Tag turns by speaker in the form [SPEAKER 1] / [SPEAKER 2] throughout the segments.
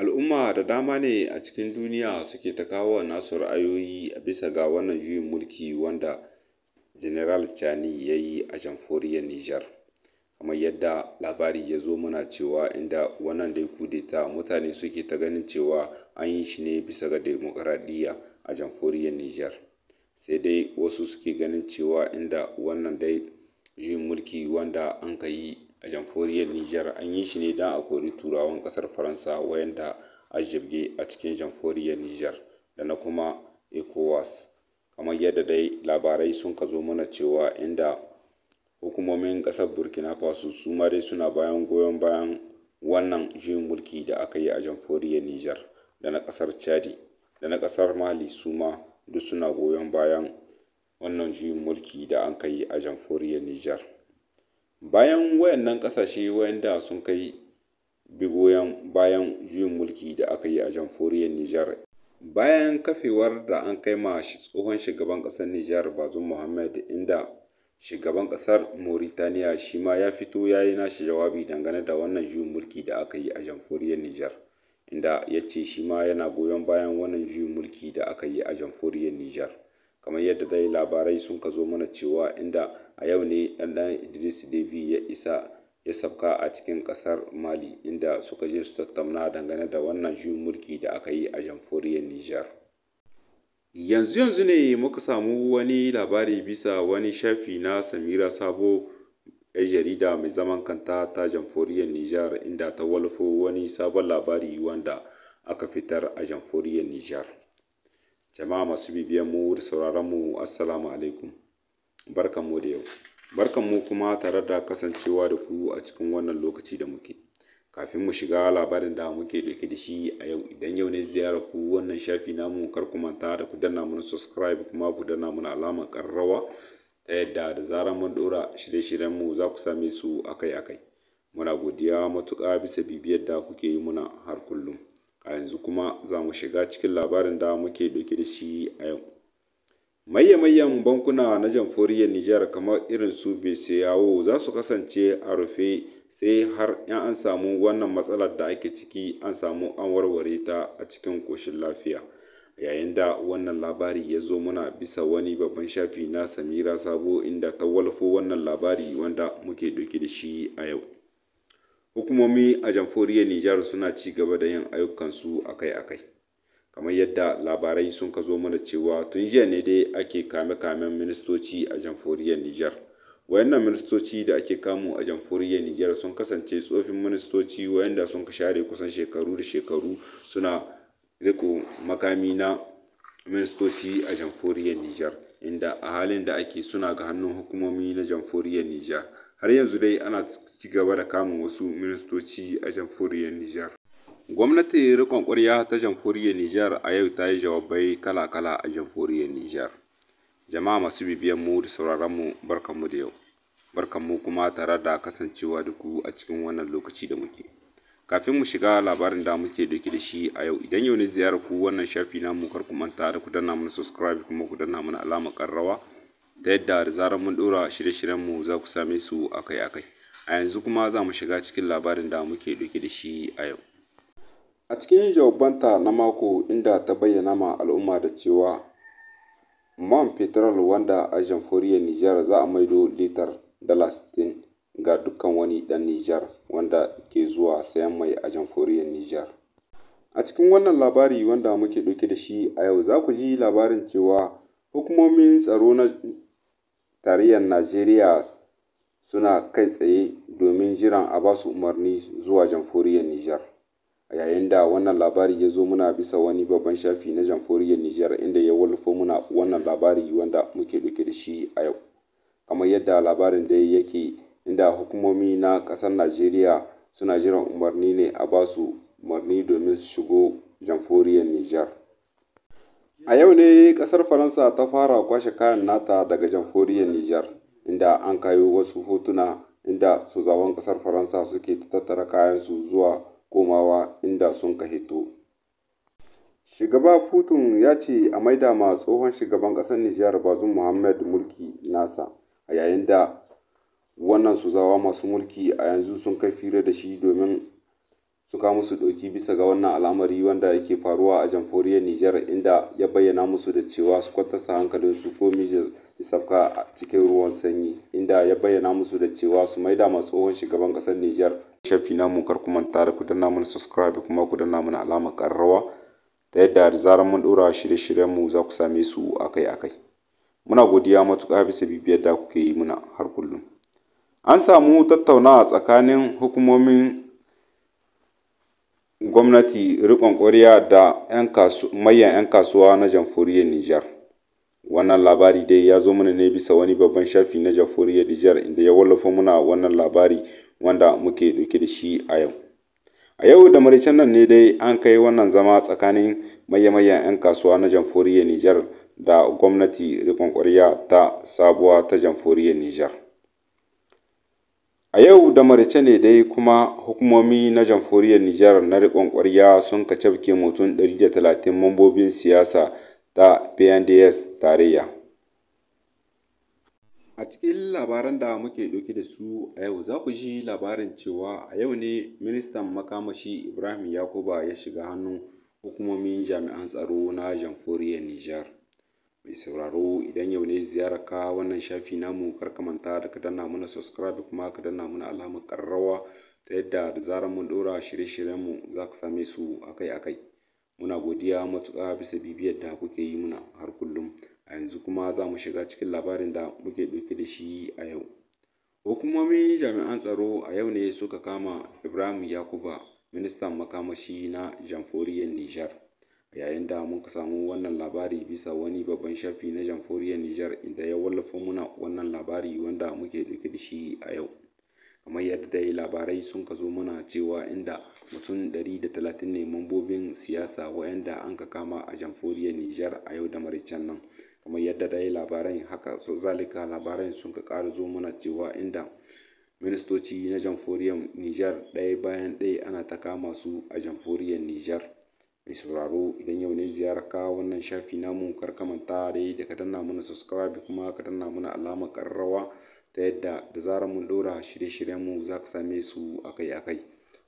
[SPEAKER 1] Al'umma da dama ne a cikin duniya suke ta kawo nasu ra'ayoyi a bisa ga wannan juyin mulki wanda General Tani ya yi a jamhuriyar Nijar, kamar yadda labari ya zo mana cewa inda wannan dai kudeta mutane suke ta ganin cewa an yi shi ne bisa ga demokaradiyya a jamhuriyar Nijar. Sai dai wasu suke ganin cewa inda wannan dai juyin mulki wanda an ka yi a jamhuriyar Nijar an yi shi ne don a kori turawan kasar Faransa wayanda a jirge a cikin jamhuriyar Nijar da na kuma ECOWAS kamar yadda dai labarai sun ka zo mana cewa inda hukumomin kasar Burkina Faso su ma dai suna bayan goyon bayan wannan juyin mulki da aka yi a jamhuriyar Nijar da na kasar Chadi da na kasar Mali su ma duk suna goyon bayan wannan juyin mulki da an yi a jamhuriyar Nijar. Bayan wayannan ƙasashe wayanda sun kai bigoyan bayan juyin mulki da aka yi a jamhuriyar Nijar, bayan kafewar da an kai ma tsohon shugaban kasar Nijar Bazoum Mohammed inda shugaban kasar Mauritaniya shi ma ya fito ya yi nashi jawabi dangane da wannan juyin mulki da aka yi a jamhuriyar Nijar, inda ya ce shi ma yana goyon bayan wannan juyin mulki da aka yi a jamhuriyar Nijar. kamar yadda dai labarai sun ka zo mana cewa inda a yau ne ɗanɗan idris Devi ya isa ya sabka a cikin ƙasar mali inda suka je su tattauna dangane da wannan juyin mulki da aka yi a jamhuriyar niger yanzu yanzu ne muka samu wani labari bisa wani shafi na samira sabo ya jarida mai zaman kanta ta jamhuriyar Nijar inda ta walfo wani sabon labari wanda aka fitar a jamhuriyar Nijar. jama'a masu bibiyan mu da sauraron mu assalamu alaikum barkan mu da yau barkan mu kuma tare da kasancewa da ku a cikin wannan lokaci da muke kafin mu shiga labarin da muke dauke da shi a yau idan yau ne ziyarar ku wannan shafi namu kar ku manta da ku danna mana subscribe kuma ku danna mana alamar karrawa ta yadda da zarar mun dora shirye-shiryen mu za ku same su akai-akai muna godiya matuƙa bisa bibiyar da kuke yi muna har kullum a yanzu kuma za mu shiga cikin labarin da muke ɗauke da shi a yau mayyamayyan mayyan bankuna na jamhuriyar Nijar kamar irin su yawo za su kasance a rufe sai har in an samu wannan matsalar da ake ciki an samu an warware ta a cikin ƙoshin lafiya yayin da wannan labari ya zo muna bisa wani babban shafi na Samira Sabo inda ta walfo wannan labari wanda muke ɗauke da shi a yau. hukumomi a jamhuriyar Nijar suna ci gaba da yin ayyukansu akai-akai kamar yadda labarai sun ka zo mana cewa tun jiya ne dai ake kame-kamen ministoci a jamhuriyar Nijar wayannan ministoci da ake kamu a jamhuriyar Nijar sun kasance tsofin ministoci wayanda sun ka share kusan shekaru da shekaru suna riko makami na ministoci a jamhuriyar Nijar inda a halin da ake suna ga hannun hukumomi na jamhuriyar Nijar har yanzu dai ana ci gaba da kamun wasu ministoci a jamhuriyar Nijar. Gwamnatin rikon ƙwarya ta jamhuriyar Nijar a yau ta yi jawabai kala-kala a jamhuriyar Nijar. Jama'a masu bibiyan mu da sauraron mu barkan mu da yau. Barkan mu kuma tare da kasancewa da a cikin wannan lokaci da muke. Kafin mu shiga labarin da muke dauke da shi a yau idan yau ne ziyarar ku wannan shafi mu kar ku manta da ku danna mana subscribe kuma ku danna mana alamar ƙarrawa. ta yadda da zarar mun ɗora shirye-shiryenmu za ku same su akai-akai. A yanzu kuma za mu shiga cikin labarin da muke ɗauke da shi a yau. A cikin jawabanta na mako inda ta bayyana ma al'umma da cewa man petrol wanda a jamhuriyar Nijar za a maido litar dala 60 ga dukkan wani dan Nijar wanda ke zuwa sayan mai a jamhuriyar Nijar. A cikin wannan labari wanda muke ɗauke da shi a yau za ku ji labarin cewa hukumomin tsaro na tarayyar Najeriya suna kai tsaye domin jiran a ba su umarni zuwa Jamhuriyar Nijar. A yayin da wannan labari ya zo muna bisa wani babban shafi na Jamhuriyar Nijar inda ya wallafa muna wannan labari wanda muke duke da shi a yau. Kamar yadda labarin da yake inda hukumomi na ƙasar Najeriya suna jiran umarni ne a ba su umarni domin su shigo Jamhuriyar Nijar. A yau ne ƙasar Faransa ta fara kwashe kayan nata daga jamhuriyar Nijar, inda an kayo wasu hotuna inda suzawan ƙasar Faransa suke tattara kayansu zuwa komawa inda sun ka hito. Shugaba Putin ya ce a maida ma tsohon shigaban ƙasar Nijar Bazoum Muhammad mulki nasa, a yayin da wannan su zawa masu mulki a yanzu sun kai fira da shi domin su musu ɗauki bisa ga wannan al'amari wanda yake faruwa a jamhuriya Nijar inda ya bayyana musu da cewa su kwantarsa su ko Nijar ya sabka a cikin ruwan sanyi inda ya bayyana musu da cewa su maida ma tsohon shugaban ƙasar Nijar. Shafi namu kar ku manta da ku danna mana subscribe kuma ku danna mana alamar karrawa ta yadda da zarar mun ɗora shirye mu za ku same su akai-akai. Muna godiya matuƙa bisa bibiyar da kuke yi muna har kullum. An samu tattaunawa tsakanin hukumomin gwamnati riƙon ƙwarya da mayan 'yan kasuwa na jamhuriyar Nijar. Wannan labari dai ya zo mana ne bisa wani babban shafi na jamhuriyar Nijar inda ya wallafa muna wannan labari wanda muke ɗauke da shi a yau. A yau da maraicen nan ne dai an kai wannan zama tsakanin mayan 'yan kasuwa na jamhuriyar Nijar da gwamnati riƙon ƙwarya ta sabuwa ta jamhuriyar Nijar. A yau da maraice ne dai kuma hukumomi na jamhuriyar Nijar na riƙon ƙwarya sun cafke mutum 130 mambobin siyasa ta PNDS tarayya. A cikin labaran da muke ɗauki da su a yau za ku ji labarin cewa a yau ne ministan makamashi Ibrahim Yakuba ya shiga hannun hukumomin jami'an tsaro na jamhuriyar Nijar. mai sauraro idan yau ne ziyarar ka wannan shafi namu karka manta da ka danna mana subscribe kuma ka danna mana alamar ƙararrawa ta yadda da zarar mun dora shirye-shiryenmu za ka same su akai-akai muna godiya matuƙa bisa bibiyar da kuke yi muna har kullum a yanzu kuma za mu shiga cikin labarin da muke ɗauke da shi a yau hukumomin jami'an tsaro a yau ne suka kama ibrahim yakuba ministan makamashi na jamhuriyar nijar yayin da muka samu wannan labari bisa wani babban shafi na jamhuriyar Nijar inda ya wallafa muna wannan labari wanda muke ɗauke da shi a yau. Kamar yadda dai labarai sun ka zo muna cewa inda mutum da ɗari talatin ne mambobin siyasa wayanda anka kama a jamhuriyar Nijar a yau da maraicen nan. Kamar yadda dai labarai haka so zalika labarai sun ka ƙara zo muna cewa inda ministoci na jamhuriyar Nijar ɗaya bayan ɗaya ana ta kama su a jamhuriyar Nijar. mai sauraro idan yau ne ziyarar ka wannan shafi namu kar ka manta dai da ka danna mana subscribe kuma ka danna mana alama ƙararrawa ta yadda da zarar mun ɗora shirye shiryen mu za ka same su akai-akai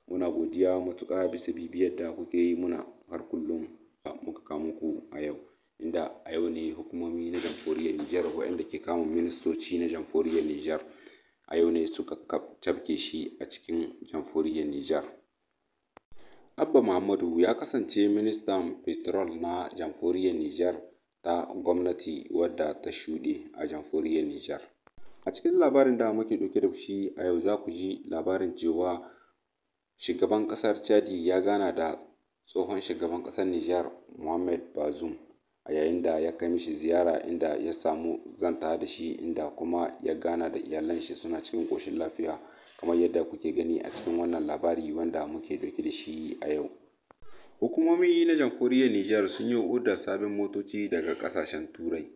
[SPEAKER 1] muna godiya matuƙa bisa bibiyar da kuke yi muna har kullum muka kawo muku a yau inda a yau ne hukumomi na jamhuriyar Nijar waɗanda ke kama ministoci na jamhuriyar Nijar a yau ne suka cafke shi a cikin jamhuriyar Nijar. Abba Muhammadu ya kasance ministan Petrol na Jamhuriyar Nijar ta gwamnati wadda ta shuɗe a Jamhuriyar Nijar. A cikin labarin da muke ɗauke da shi a yau za ku ji labarin cewa shugaban ƙasar Chadi ya gana da tsohon shugaban ƙasar Nijar Mohamed Bazoum a yayin da ya kai mishi ziyara inda ya samu zanta da shi inda kuma ya gana da iyalan shi suna cikin ƙoshin lafiya. kamar yadda kuke gani a cikin wannan labari wanda muke ɗauke da shi a yau. Hukumomi na jamhuriyar Nijar sun yi odar sabon motoci daga ƙasashen Turai.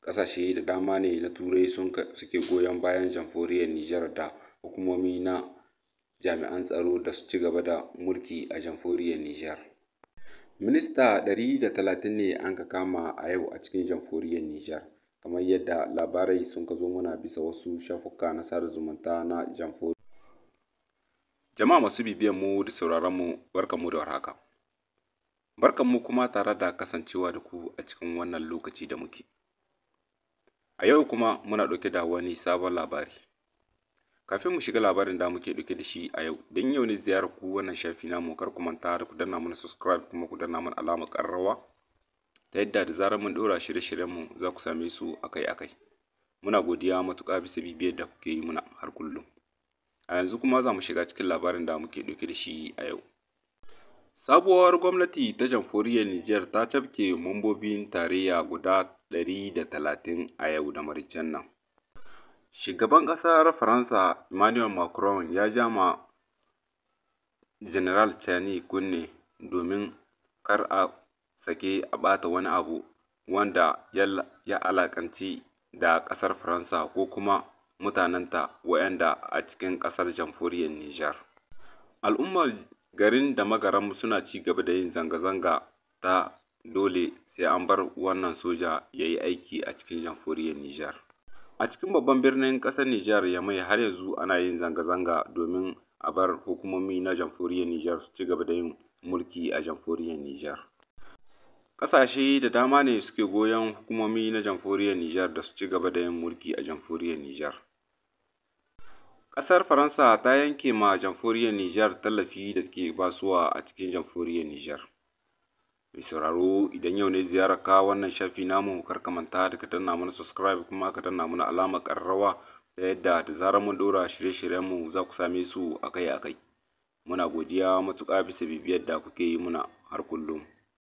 [SPEAKER 1] Ƙasashe da dama ne na Turai suke goyon bayan jamhuriyar Nijar da hukumomi na jami'an tsaro da su ci gaba da mulki a jamhuriyar Nijar. Minista ɗari da talatin ne an ka kama a yau a cikin jamhuriyar Nijar. kamar yadda labarai sun ka zo mana bisa wasu shafuka na sada zumunta na jamfori. Jama'a masu bibiyan mu da sauraron mu barkan mu da warhaka. Barkan mu kuma tare da kasancewa da ku a cikin wannan lokaci da muke. A yau kuma muna ɗauke da wani sabon labari. Kafin mu shiga labarin da muke ɗauke da shi a yau, don yau ne ziyarar ku wannan shafi namu kar ku manta da ku danna mana subscribe kuma ku danna mana alamar ƙararrawa ta yadda da zarar mun ɗora shirye-shiryenmu za ku same su akai-akai. Muna godiya matuƙa bisa bibiyar da kuke yi muna har kullum. A yanzu kuma za mu shiga cikin labarin da muke ɗauke da shi a yau. Sabuwar gwamnati ta jamhuriyar Nijar ta cafke mambobin tarayya guda ɗari da talatin a yau da maricen nan. Shugaban ƙasar Faransa Emmanuel Macron ya ja ma General Chani kunne domin kar a sake a ɓata wani abu wanda ya alakanci da ƙasar Faransa ko kuma mutanenta wayanda a cikin ƙasar jamhuriyar Nijar. Al'ummar garin da magaram suna ci gaba da yin zanga-zanga ta dole sai an bar wannan soja ya yi aiki a cikin jamhuriyar Nijar. A cikin babban birnin ƙasar Nijar ya mai har yanzu ana yin zanga-zanga domin a bar hukumomi na jamhuriyar Nijar su ci gaba da yin mulki a jamhuriyar Nijar. Ƙasashe da dama ne suke goyon hukumomi na Jamhuriyar Nijar da su ci gaba da yin mulki a Jamhuriyar Nijar. Ƙasar Faransa ta yanke ma Jamhuriyar Nijar tallafi da take basuwa a cikin Jamhuriyar Nijar. Mai sauraro idan yau ne ziyarar ka wannan shafi namu kar ka manta da ka danna mana subscribe kuma ka danna mana alamar ƙararrawa ta yadda da zarar mun ɗora shirye-shiryenmu za ku same su akai-akai. Muna godiya matuƙa bisa bibiyar da kuke yi muna har kullum.